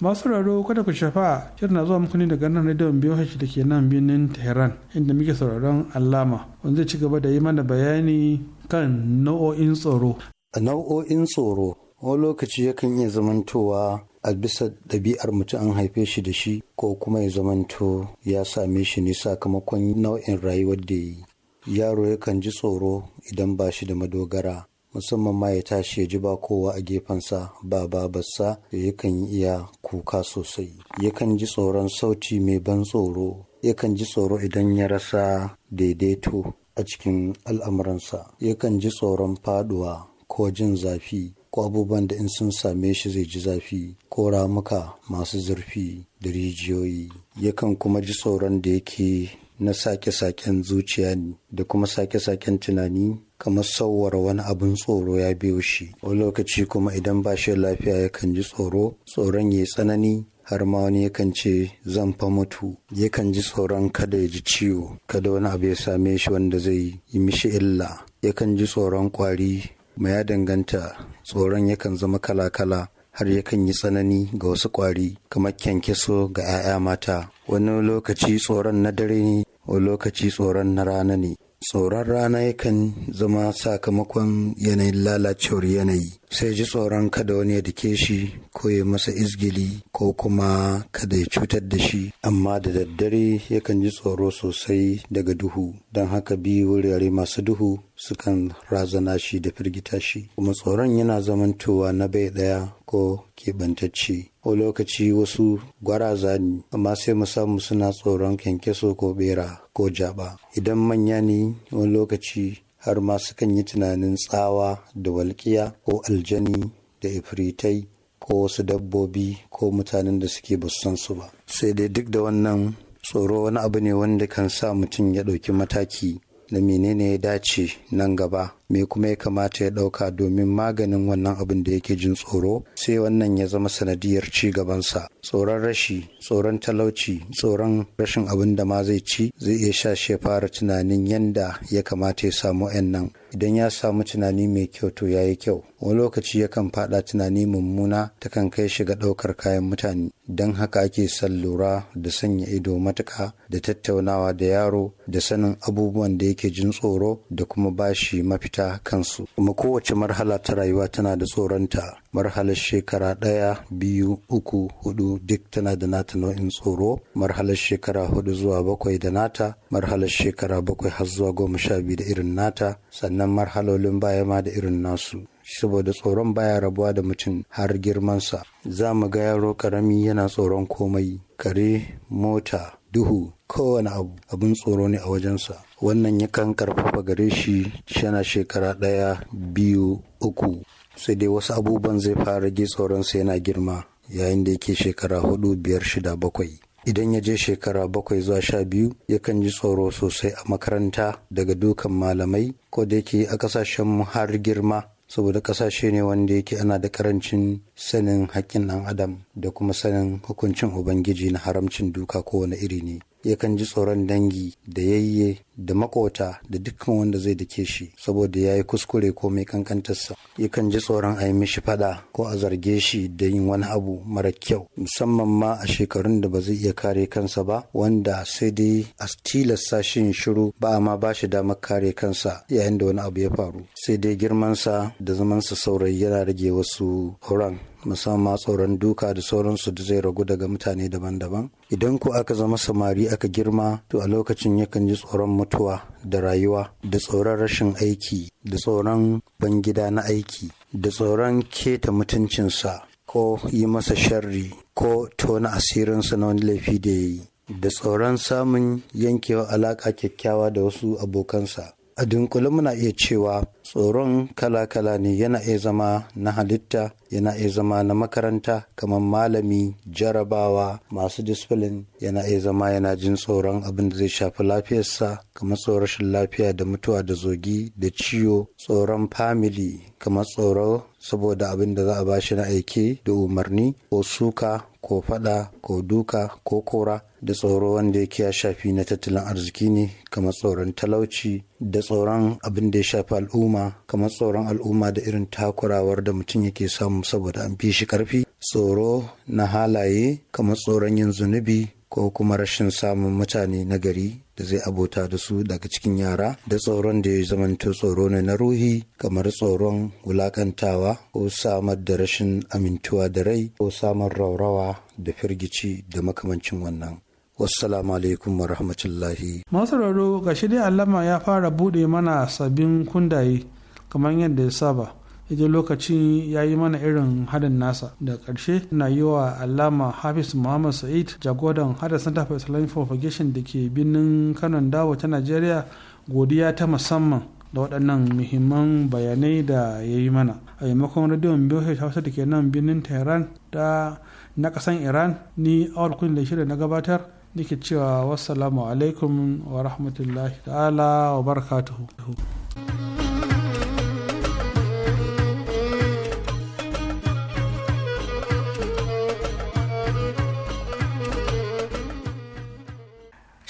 S5: masu
S8: raro kada ku shafa shirin na zuwa muku ne daga nan rediyon biyu hashi da ke nan birnin tehran inda muke sauraron alama wanda zai ci gaba da yi mana
S13: bayani kan nau'o'in tsoro. nau'o'in tsoro wani lokaci yakan iya zamantowa a bisa ɗabi'ar mutum an haife shi da shi ko kuma ya zamanto ya same shi ne sakamakon nau'in rayuwar da yi yaro yakan ji tsoro idan ba shi da madogara musamman ma ya tashi ya ji ba kowa a gefensa ba babarsa yakan iya kuka sosai yakan ji tsoron sauti mai ban tsoro yakan ji tsoro idan ya rasa daidaito a cikin al'amuransa yakan ji tsoron faduwa ko jin zafi ko abubuwan da in sun same shi zai ji zafi ko ramuka masu zurfi da rijiyoyi yakan kuma ji tsoron da yake na sake-saken zuciya ne da kuma sake-saken tunani kamar sauwar wani abin tsoro ya biyo shi wani lokaci kuma idan ba shi lafiya yakan ji tsoro tsoron ya tsanani har ma wani yakan ce zan fa mutu yakan ji tsoron kada ya ji ciwo kada wani abu ya same shi wanda zai yi mishi illa yakan ji tsoron kwari kuma ya danganta tsoron yakan zama kala-kala har yakan yi tsanani ga wasu ƙwari kamar kyankyaso ga 'ya'ya mata wani lokaci tsoron na dare ne wani lokaci tsoron na rana ne tsoron rana yakan zama sakamakon yanayin lalacewar yanayi sai ji tsoron kada wani ya dike shi ko ya masa izgili ko kuma kada ya cutar da shi amma da daddare yakan ji tsoro sosai daga duhu don haka bi wurare masu duhu sukan razana shi da firgita shi kuma tsoron yana zamantowa na bai daya ko keɓantacce ko lokaci wasu gwaraza ne amma sai mu samu suna tsoron kyankyaso ko bera ko jaba idan manya ne wani lokaci har ma sukan yi tunanin tsawa da walƙiya ko aljani da ifritai ko wasu dabbobi ko mutanen da suke san su ba sai dai duk da wannan tsoro wani abu ne wanda kan sa mutum ya ɗauki mataki na menene ya dace nan gaba me kuma ya kamata ya ɗauka domin maganin wannan abin da yake jin tsoro sai wannan ya zama sanadiyar ci gabansa tsoron rashi tsoron talauci tsoron rashin abin da ma zai ci zai iya sha shi fara tunanin yanda ya kamata ya samu yan nan idan ya samu tunani mai kyau to ya yi kyau wani lokaci yakan faɗa tunani mummuna ta kan kai shi ga ɗaukar kayan mutane don haka ake son lura da sanya ido matuka da tattaunawa da yaro da sanin abubuwan da yake jin tsoro da kuma bashi mafita kansu kuma kowace marhala ta rayuwa tana da tsoronta marhalar shekara ɗaya biyu uku hudu duk tana da nata nau'in tsoro marhalar shekara hudu zuwa bakwai da nata marhalar shekara bakwai har zuwa goma sha biyu da irin nata sannan marhalolin baya ma da irin nasu saboda tsoron baya rabuwa da mutum har girmansa za mu ga yaro karami yana tsoron komai kare mota duhu kowane abu abin tsoro ne a wajensa wannan yakan karfafa gare shi yana shekara ɗaya biyu uku sai dai wasu abubuwan zai fara tsoron sa yana girma yayin da yake shekara hudu biyar shida bakwai idan ya je shekara bakwai zuwa sha biyu yakan ji tsoro sosai a makaranta daga dukan malamai ko da yake a kasashen har girma saboda kasashe ne wanda yake ana da karancin sanin haƙƙin ɗan adam da kuma sanin hukuncin ubangiji na haramcin duka kowane iri ne yakan ji tsoron dangi da yayye da makota da dukkan wanda zai dake shi saboda ya yi kuskure ko mai kankantarsa yakan ji tsoron a yi mishi fada ko a zarge shi da yin wani abu mara kyau musamman ma a shekarun da ba zai iya kare kansa ba wanda sai dai a tilasta shi shiru ba a ma ba shi damar kare kansa yayin da wani abu ya faru sai dai girmansa da zamansa saurayi yana rage wasu horon musamman tsoron duka da sauransu da zai ragu daga mutane daban-daban idan ko aka zama samari aka girma to a lokacin yakan ji tsoron mutuwa da rayuwa da tsoron rashin aiki da tsoron bangida na aiki da tsoron keta mutuncinsa ko yi masa sharri ko tona asirinsa na wani laifi da ya yi da tsoron samun yankewa alaƙa kyakkyawa da wasu abokansa a dunkule muna iya cewa tsoron kala-kala ne yana iya zama na halitta yana iya zama na makaranta kamar malami jarabawa masu disiplin yana iya zama yana jin tsoron abin da zai shafi lafiyarsa kamar tsoron rashin lafiya da mutuwa da zogi da ciwo tsoron famili kamar tsoro saboda abin da za a bashi na aiki da umarni ko suka ko fada ko duka ko kora da tsoro wanda yake ya shafi na tattalin arziki ne kamar tsoron talauci da tsoron abin da ya shafi al'umma kamar tsoron al'umma da irin takurawar da mutum yake samu saboda an fi shi karfi tsoro na halaye kamar tsoron yin zunubi ko kuma rashin samun mutane na gari da zai abota da su daga cikin yara da tsoron da ya zamanta tsoro ne na ruhi kamar tsoron wulakantawa ko samar da rashin amintuwa da rai ko samar raurawa da firgici da makamancin wannan wassalamu alaikum wa rahmatullahi
S8: masararo ga shi dai allama ya fara bude mana sabbin kundaye kamar yadda ya saba idan lokacin ya yi mana irin hadin nasa da ƙarshe na yi wa alama hafiz muhammad sa'id jagoran hada center for islamic propagation da ke birnin kanon dawo ta nigeria godiya ta musamman da waɗannan muhimman bayanai da ya yi mana a maimakon radiyon biyu hausa da ke nan birnin tehran da na ƙasan iran ni awal kun da shirin na gabatar nake cewa wassalamu alaikum wa rahmatullahi ta'ala wa barakatuhu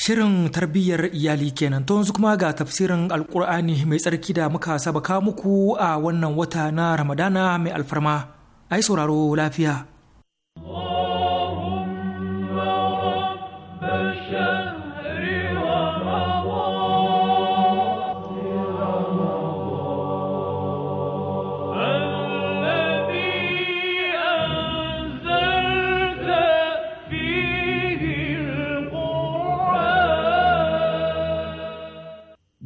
S1: Shirin tarbiyyar iyali kenan to yanzu kuma ga tafsirin alkur'ani mai tsarki da muka sabaka muku a wannan wata na Ramadana mai alfarma. Ai sauraro lafiya.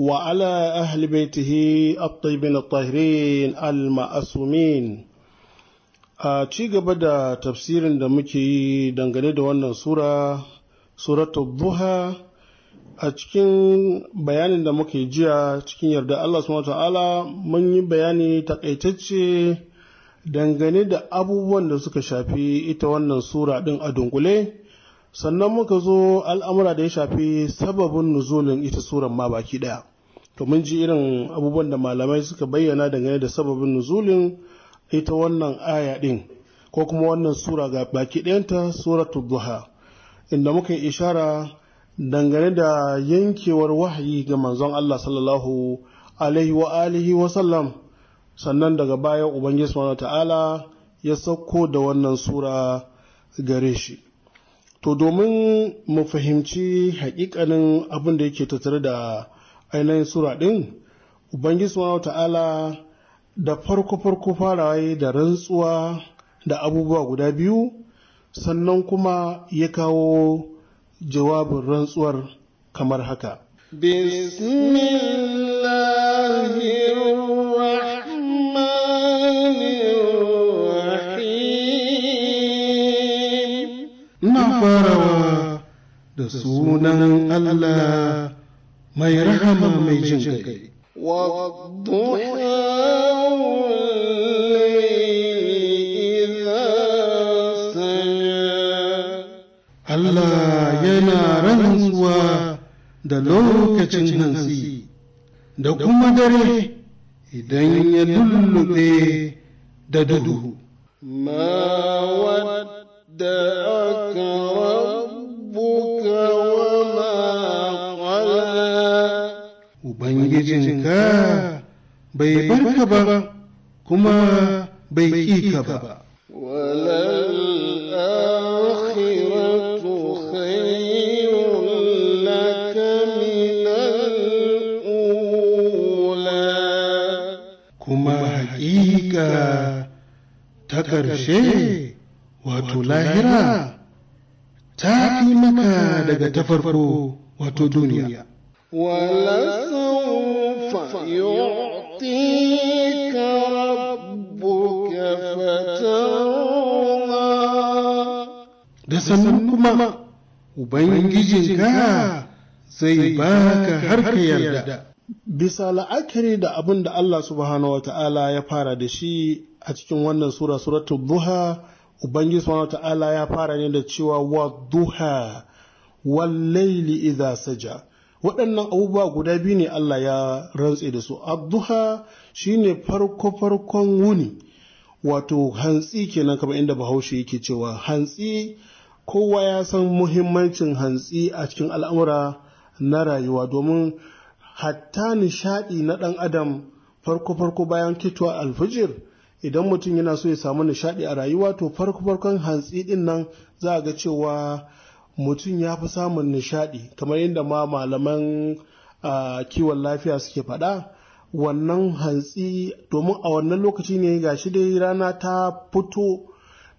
S7: وعلى أهل بيته الطيبين الطاهرين المأسومين a ci gaba da tafsirin da muke yi dangane da wannan sura suratul duha a cikin bayanin da muke jiya cikin yarda Allah subhanahu ta'ala mun yi bayani takaitacce dangane da abubuwan da suka shafi ita wannan sura din a dunkule sannan muka zo al'amura da ya shafi sababin nuzulin ita surar ma baki daya to mun ji irin abubuwan da malamai suka bayyana dangane da sababin nuzulin ita wannan aya din ko kuma wannan sura ga baki ɗayanta suratul duha inda muka yi ishara dangane da yankewar wahayi ga manzon Allah sallallahu alaihi wa alihi wa sallam sannan daga baya ubangiji subhanahu ta'ala ya sauko da wannan sura gare shi to domin mu fahimci hakikanin abin da yake tattare da ainihin sura ɗin ubangiji subhanahu ta'ala da farko farko faraye da rantsuwa da abubuwa guda biyu sannan kuma ya kawo jawabin rantsuwar kamar haka Ina farawa da sunan Allah mai rahama mai jin kai Allah yana rantsuwa da lokacin hansi da kuma dare idan ya lullube da duhu. Ma wadda aka ubangijinka bai barka ba kuma bai ƙi ka ba kuma haƙiƙa ta ƙarshe wato lahira ta fi maka daga ta farko wato duniya.
S5: فيعطيك ربك فترضى da
S7: sannan kuma Ubangijinka zai baka har ka yarda. Bisa la'akari da abin da Allah subhanahu wata'ala ya fara da shi a cikin wannan sura suratu duha Ubangiji subhanahu wata'ala ya fara ne da cewa wa duha wal laili idha saja waɗannan abubuwa guda biyu ne Allah ya rantse da su adduha shine farko farkon wuni wato hantsi kenan kamar inda bahaushe yake cewa hantsi kowa ya san muhimmancin hantsi a cikin al'amura na rayuwa domin hatta nishaɗi na ɗan adam farko farko bayan kitwa alfijir idan mutum yana so ya samu nishaɗi a rayuwa to farko farkon hantsi ɗin nan za a ga cewa mutum ya fi samun nishaɗi kamar yadda ma malaman kiwon lafiya suke faɗa wannan hantsi domin a wannan lokaci ne ga shi dai rana ta fito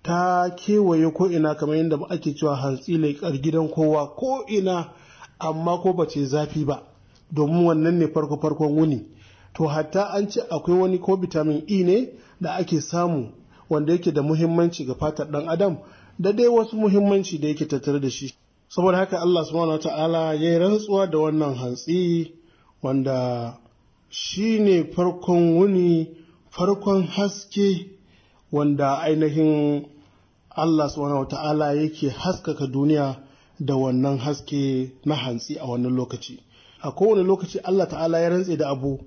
S7: ta kewaye ko'ina kamar yadda ake cewa hantsi laikar gidan kowa ko'ina amma ko ba ce zafi ba domin wannan ne farko farkon wuni to hatta an ce akwai wani ko bitamin e ne da ake samu wanda yake da muhimmanci ga fatar dan adam da dai wasu muhimmanci da yake tattare da shi saboda haka Allah subhanahu ta'ala ya yi rantsuwa da wannan hantsi wanda shi ne farkon wuni farkon haske wanda ainihin Allah subhanahu ta'ala yake haskaka duniya da wannan haske na hantsi a wannan lokaci a kowane lokaci Allah ta'ala ya rantse da abu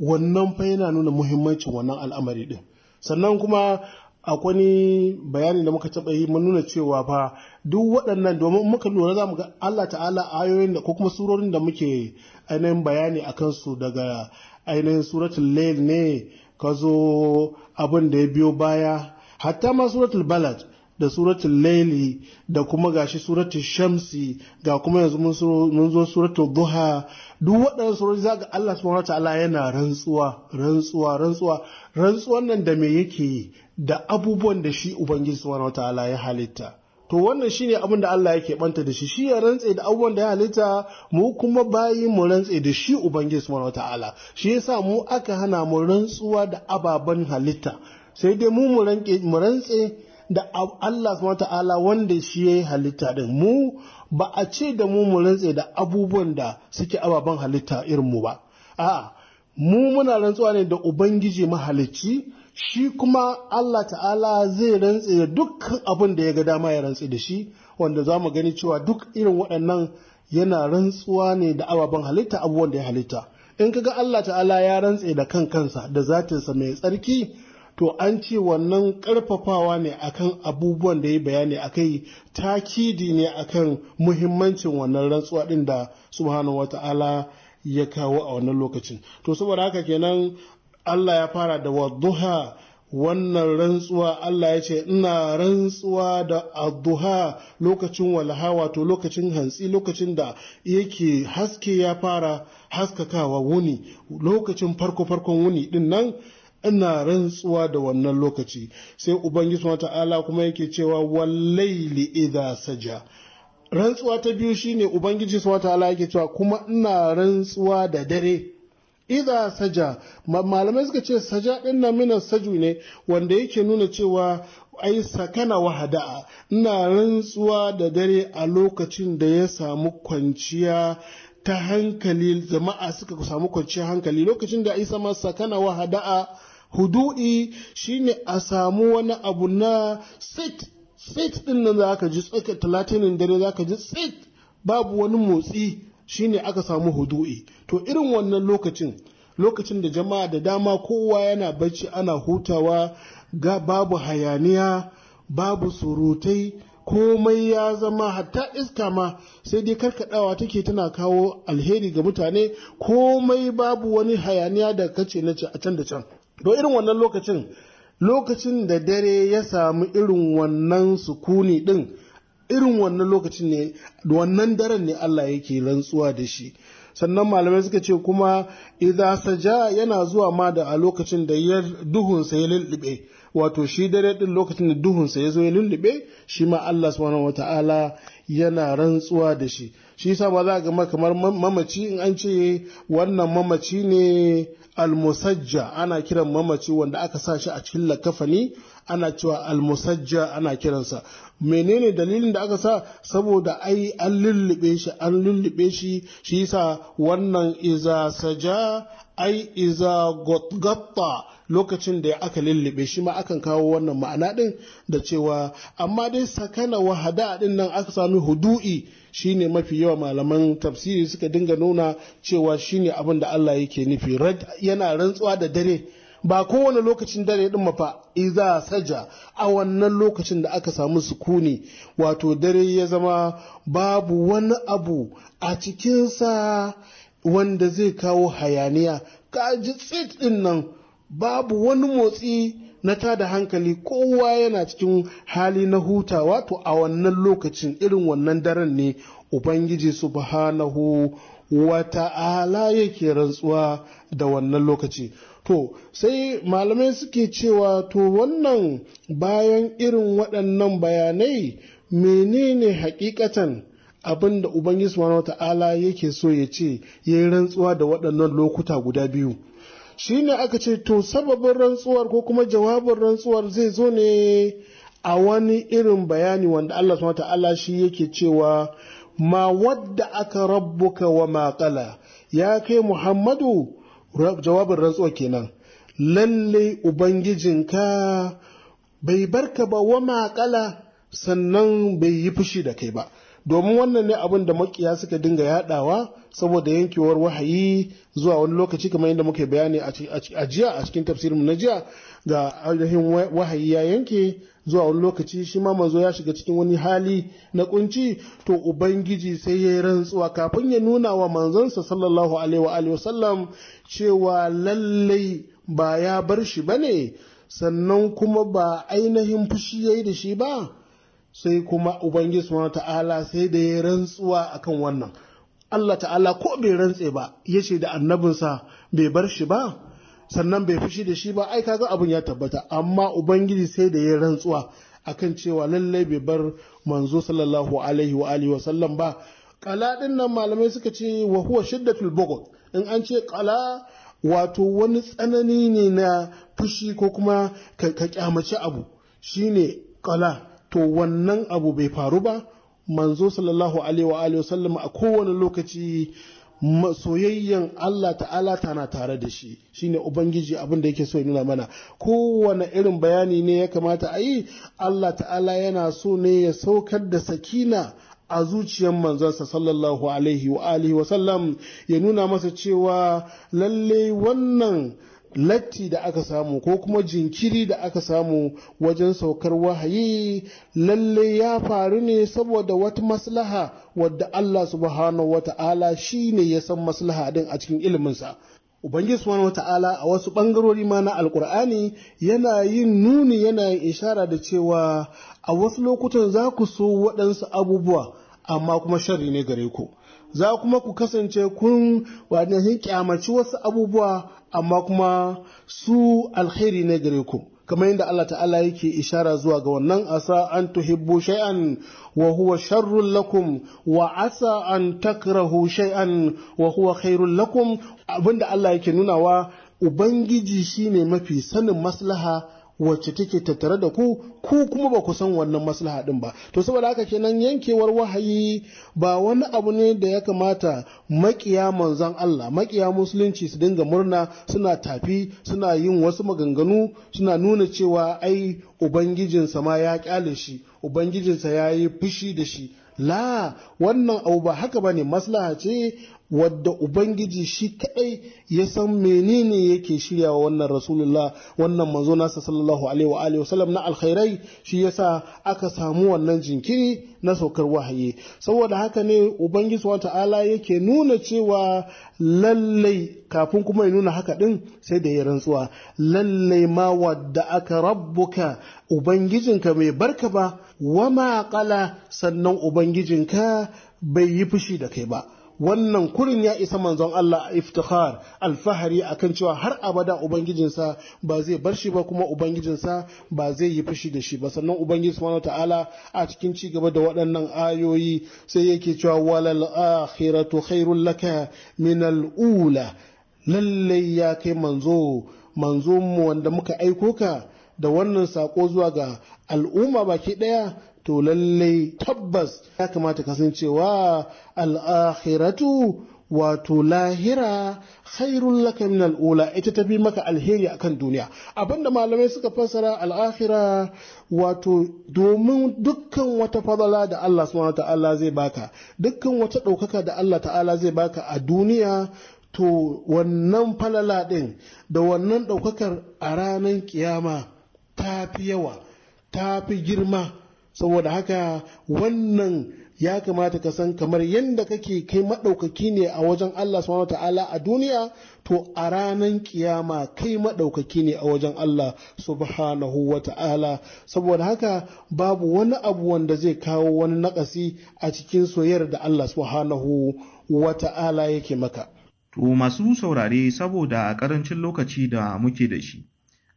S7: wannan fa yana nuna muhimmancin wannan al'amari din sannan kuma akwai bayani da muka taɓa yi mun nuna cewa fa duk waɗannan domin muka lura za mu ga Allah ta'ala ayoyin da ko kuma surorin da muke ainihin bayani a kansu daga ainihin suratul lail ne ka zo abin da ya biyo baya hatta ma suratul balad da suratul laili da kuma gashi suratul shamsi ga kuma yanzu mun zo suratul duha duk waɗannan surori za ga Allah subhanahu ta'ala yana rantsuwa rantsuwa rantsuwa rantsuwan nan da me yake yi da abubuwan da shi ubangiji subhanahu ta'ala ya halitta to wannan shine abin da Allah yake banta da shi shi ya rantse da abubuwan da ya halitta mu kuma bayi mu rantse da shi ubangiji subhanahu Ta'ala. shi yasa mu aka hana mu rantsuwa da ababen halitta sai dai mu mu rantse da Allah subhanahu ta'ala wanda shi ya yi halitta ɗin mu ba a ce da mu mu rantse da abubuwan da suke ababen halitta irin mu ba a'a mu muna rantsuwa ne da ubangiji mahalicci shi kuma Allah ta'ala zai rantse da dukkan abin da ya ga dama ya rantse da shi wanda za mu gani cewa duk irin waɗannan yana rantsuwa ne da ababen halitta abubuwan da ya halitta in kaga Allah ta'ala ya rantse da kan kansa da zatinsa mai tsarki to an ce wannan karfafawa ne akan abubuwan da ya bayani a akai takidi ne akan muhimmancin wannan rantsuwa din da subhanahu wata'ala ya kawo a wannan lokacin to saboda haka kenan Allah ya fara da wadduha wannan rantsuwa Allah ya ce ina rantsuwa da adduha lokacin walha wato lokacin hantsi lokacin da yake haske ya fara haskakawa wuni lokacin farko farkon wuni din nan ina rantsuwa da wannan lokaci sai ubangiji wa ta'ala kuma yake cewa wallaili idha saja rantsuwa ta biyu shine ubangiji wa ta'ala yake cewa kuma ina rantsuwa da dare idha saja malamai suka ce saja din nan mina saju ne wanda yake nuna cewa ai sakana wahada'a ina rantsuwa da dare a lokacin da ya samu kwanciya ta hankali jama'a suka samu kwanciyar hankali lokacin da isa ma sakana wahada'a hudu'i shine a samu wani abu na sit sit din nan za ka ji tsaka talatinin dare za ka ji sit babu wani motsi shine aka samu hudu'i to irin wannan lokacin lokacin da jama'a da dama kowa yana bacci ana hutawa ga babu hayaniya babu surutai komai ya zama hatta iska ma sai dai karkadawa take tana kawo alheri ga mutane komai babu wani hayaniya da kace na a can da can don irin wannan lokacin lokacin da dare ya samu irin wannan sukuni din irin wannan lokacin ne wannan daren ne Allah yake rantsuwa da shi sannan malamai suka ce kuma idan saja yana zuwa ma da a lokacin da ya duhunsa ya lullube wato shi dare din lokacin da duhunsa ya zo ya lullube shi ma Allah subhanahu wataala yana rantsuwa da shi shi yasa ba za ga kamar mamaci in an ce wannan mamaci ne almusajja ana kiran mamaci wanda aka sa shi a cikin lakafani ana cewa almusajja ana kiransa menene dalilin da aka sa saboda ai an lullube shi an lullube shi shi yasa wannan iza saja ai iza gotgatta lokacin da aka lullube shi ma akan kawo wannan ma'ana din da cewa amma dai sakana wahada din nan aka sami hudu'i shine mafi yawa malaman tafsiri suka dinga nuna cewa shine abin da Allah yake nufi yana rantsuwa da dare ba kowane lokacin dare din mafa iza saja a wannan lokacin da aka samu sukuni wato dare ya zama babu wani abu a cikinsa wanda zai kawo hayaniya ka ji tsit din nan babu wani motsi na da hankali kowa yana cikin hali na hutawa to a wannan lokacin irin wannan daren ne ubangiji subhanahu wa ta'ala yake rantsuwa da wannan lokaci to sai malamai suke cewa to wannan bayan irin waɗannan bayanai menene hakikatan abin da ubangiji subhanahu wa ta'ala yake so ya ce ya yi rantsuwa da waɗannan lokuta guda biyu shi ne aka ce to sababin rantsuwar ko kuma jawabin rantsuwar zai zo ne a wani irin bayani wanda Allah subhanahu ta'ala shi yake cewa ma wadda aka rabbuka wa maƙala ya kai muhammadu jawabin rantsuwa kenan lalle ubangijinka bai barka ba wa maƙala sannan bai yi fushi da kai ba domin wannan ne abin da makiya suka dinga yadawa saboda yankewar wahayi zuwa wani lokaci kamar yadda muke bayani a jiya a cikin tafsirin na jiya ga ainihin wahayi ya yanke zuwa wani lokaci shi ma manzo ya shiga cikin wani hali na kunci to ubangiji sai ya rantsuwa kafin ya nuna wa manzonsa sallallahu alaihi wa sallam cewa lallai ba ya bar shi bane sannan kuma ba ainihin fushi yayi da shi ba sai kuma ubangiji subhanahu ta'ala sai da ya rantsuwa akan wannan Allah ta'ala ko bai rantse ba yace da da annabinsa bai bar shi ba sannan bai fushi da shi ba ai kaga abun ya tabbata amma ubangiji sai da ya rantsuwa akan cewa lallai bai bar manzo sallallahu alaihi wa alihi wa ba kala din nan malamai suka ce wa huwa shiddatul bughd in an ce kala wato wani tsanani ne na fushi ko kuma ka kyamaci abu shine kala to wannan abu bai faru ba manzo sallallahu alaihi wa sallam a kowane lokaci soyayyen Allah ta'ala tana tare da shi shine ubangiji abin da yake so ya nuna mana kowane irin bayani ne ya kamata a yi Allah ta'ala yana so ne ya saukar da sakina a zuciyar manzansa sallallahu alaihi wa alihi wa sallam ya nuna masa cewa lallai wannan latti da aka samu ko kuma jinkiri da aka samu wajen saukar wahayi lalle ya faru ne saboda wata maslaha wadda Allah subhanahu wata'ala shi ne ya san maslaha din a cikin iliminsa Ubangiji subhanahu wata'ala a wasu ɓangarori ma na alkur'ani yana yin nuni yana yin ishara da cewa a wasu lokutan za ku so waɗansu abubuwa amma kuma sharri ne gare ku za kuma ku kasance kun wadannan kyamaci wasu abubuwa amma kuma su alheri ne gare ku kamar yadda Allah ta'ala yake ishara zuwa ga wannan asa an tuhibbu shay'an wa huwa sharrun lakum wa asa an takrahu shay'an wa huwa khairul lakum abinda Allah yake nunawa ubangiji shine mafi sanin maslaha wacce take tattare da ku ku kuma ba ku san wannan maslaha din ba to saboda haka kenan yankewar wahayi ba wani abu ne da ya kamata makiya manzon Allah makiya musulunci su dinga murna suna tafi suna yin wasu maganganu suna nuna cewa ai ubangijinsa ma ya kyale shi ubangijinsa ya yi fushi da shi la wannan abu ba haka ba ne maslaha ce wadda ubangiji shi kaɗai ya san menene yake shirya wa wannan rasulullah wannan manzo nasa sallallahu alaihi wa alihi wasallam na alkhairai shi yasa aka samu wannan jinkiri na saukar wahayi saboda haka ne ubangiji wa ta'ala yake nuna cewa lallai kafin kuma ya nuna haka din sai da ya rantsuwa lallai ma wadda aka rabbuka ubangijinka mai barka ba wama kala sannan ubangijinka bai yi fushi da kai ba wannan kurin ya isa manzon Allah a iftihar alfahari akan cewa har abada ubangijinsa ba zai bar shi ba kuma ubangijinsa ba zai yi fushi da shi ba sannan ubangiji subhanahu ta'ala a cikin ci gaba da waɗannan ayoyi sai yake cewa walal akhiratu khairul laka min al ula lallai ya kai manzo manzo mu wanda muka aiko ka da wannan sako zuwa ga al'umma baki ɗaya to lallai tabbas ya kamata kasancewa al'akhiratu wato lahira khairun laka min al'ula ita ta bi maka alheri a kan duniya abinda malamai suka fassara al'akhira wato domin dukkan wata fadala da Allah subhanahu ta'ala zai baka dukkan wata ɗaukaka da Allah ta'ala zai baka a duniya to wannan falala ɗin da wannan ɗaukakar a ranar kiyama ta fi yawa ta fi girma saboda haka wannan ya kamata ka san kamar yadda kake kai maɗaukaki ne a wajen Allah subhanahu ta'ala a duniya to a ranar kiyama kai maɗaukaki ne a wajen Allah subhanahu wa ta'ala saboda haka babu wani abu wanda zai kawo wani nakasi a cikin soyayyar da Allah subhanahu wa ta'ala yake maka
S3: to masu saurare saboda a ƙarancin lokaci da muke da shi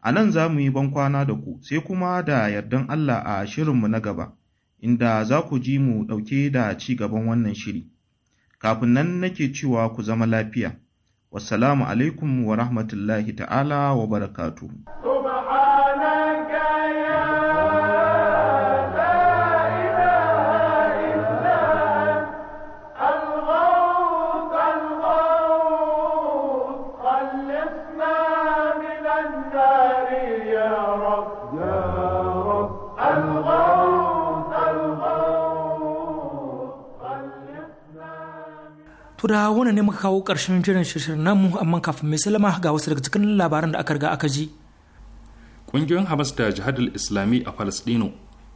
S3: A nan za mu yi bankwana da ku sai kuma da yardan Allah a shirinmu na gaba, inda za ku ji mu ɗauke da ci gaban wannan shiri. Kafin nan nake cewa ku zama lafiya. Wassalamu alaikum wa rahmatullahi ta'ala wa barakatuhu.
S1: kuda da wani ne muka kawo ƙarshen jiran shirin namu amma kafin mai salama ga wasu daga cikin labaran da aka riga aka ji. Ƙungiyoyin
S2: Hamas da Jihadul Islami a Falasɗinu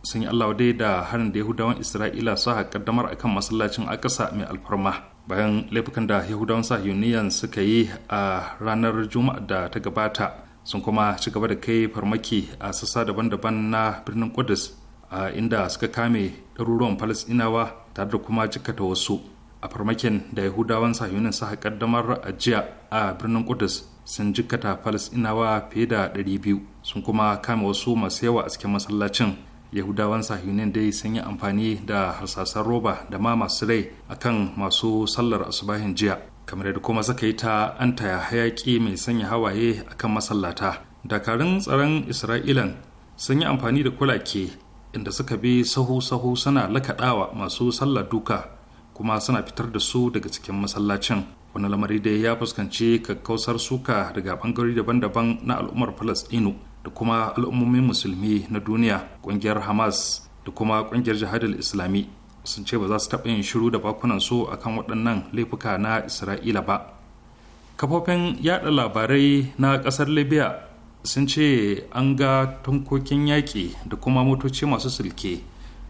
S2: sun yi Allah dai da harin da Yahudawan Isra'ila sa kaddamar akan masallacin Akasa mai alfarma bayan laifukan da Yahudawan Sahiyuniyan suka yi a ranar Juma'a da ta gabata sun kuma ci gaba da kai farmaki a sassa daban-daban na birnin Kudus a inda suka kame ɗaruruwan Falasɗinawa tare da kuma jikata wasu. a farmakin da yahudawan sahiyunin suka kaddamar a jiya a birnin kudus sun jikkata falasinawa fiye da 200 sun kuma kama wasu masu yawa a cikin masallacin yahudawan sahiyunin dai sun yi amfani da harsasan roba da ma masu rai akan masu sallar asubahin jiya kamar da kuma suka yi ta an taya hayaki mai sanya hawaye akan masallata dakarun tsaron isra'ilan sun yi amfani da kulake inda suka bi sahu-sahu suna lakaɗawa masu sallar duka kuma suna fitar da su daga cikin masallacin wani lamari da ya fuskanci kakkausar suka daga bangarori daban-daban na al'ummar falasɗinu da kuma al'ummomin musulmi na duniya ƙungiyar hamas da kuma ƙungiyar jihadar islami sun ce ba za su taɓa yin shiru da bakunan su akan waɗannan laifuka na isra'ila ba kafofin yaɗa labarai na ƙasar libya sun ce an ga tankokin yaƙi da kuma motoci masu sulke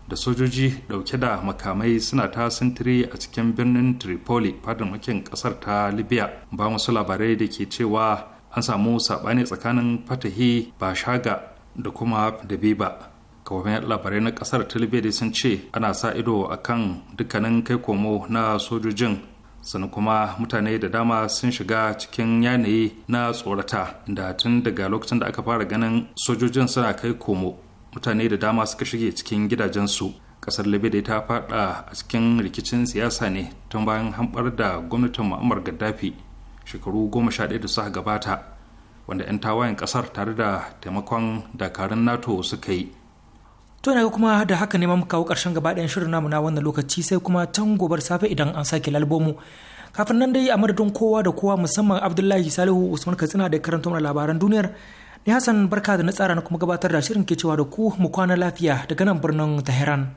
S2: da sojoji dauke da makamai suna ta sintiri a cikin birnin tripoli fadin makin kasar ta libya ba wasu labarai da ke cewa an samu sabani tsakanin fatahi shaga da kuma dabiba kawai labarai na kasar ta libya dai sun ce ana sa ido a kan dukkanin kai komo na sojojin sannan kuma mutane da dama sun shiga cikin yanayi na tsorata da tun daga lokacin da aka fara ganin sojojin suna kai komo mutane da dama suka shige cikin gidajensu kasar libya ta fada a cikin rikicin siyasa ne tun bayan hambar da gwamnatin mu'ammar gaddafi shekaru goma sha da suka gabata wanda 'yan tawayen kasar tare da taimakon dakarun nato suka yi
S1: to na kuma da haka ne mu kawo karshen gaba ɗayan shirin namu na wannan lokaci sai kuma can gobar safe idan an sake lalbomu kafin nan dai a madadin kowa da kowa musamman abdullahi salihu usman katsina da karanta labaran duniyar ni hassan barka da na tsara na kuma gabatar da shirin ke cewa da ku mu kwana lafiya daga nan birnin tehran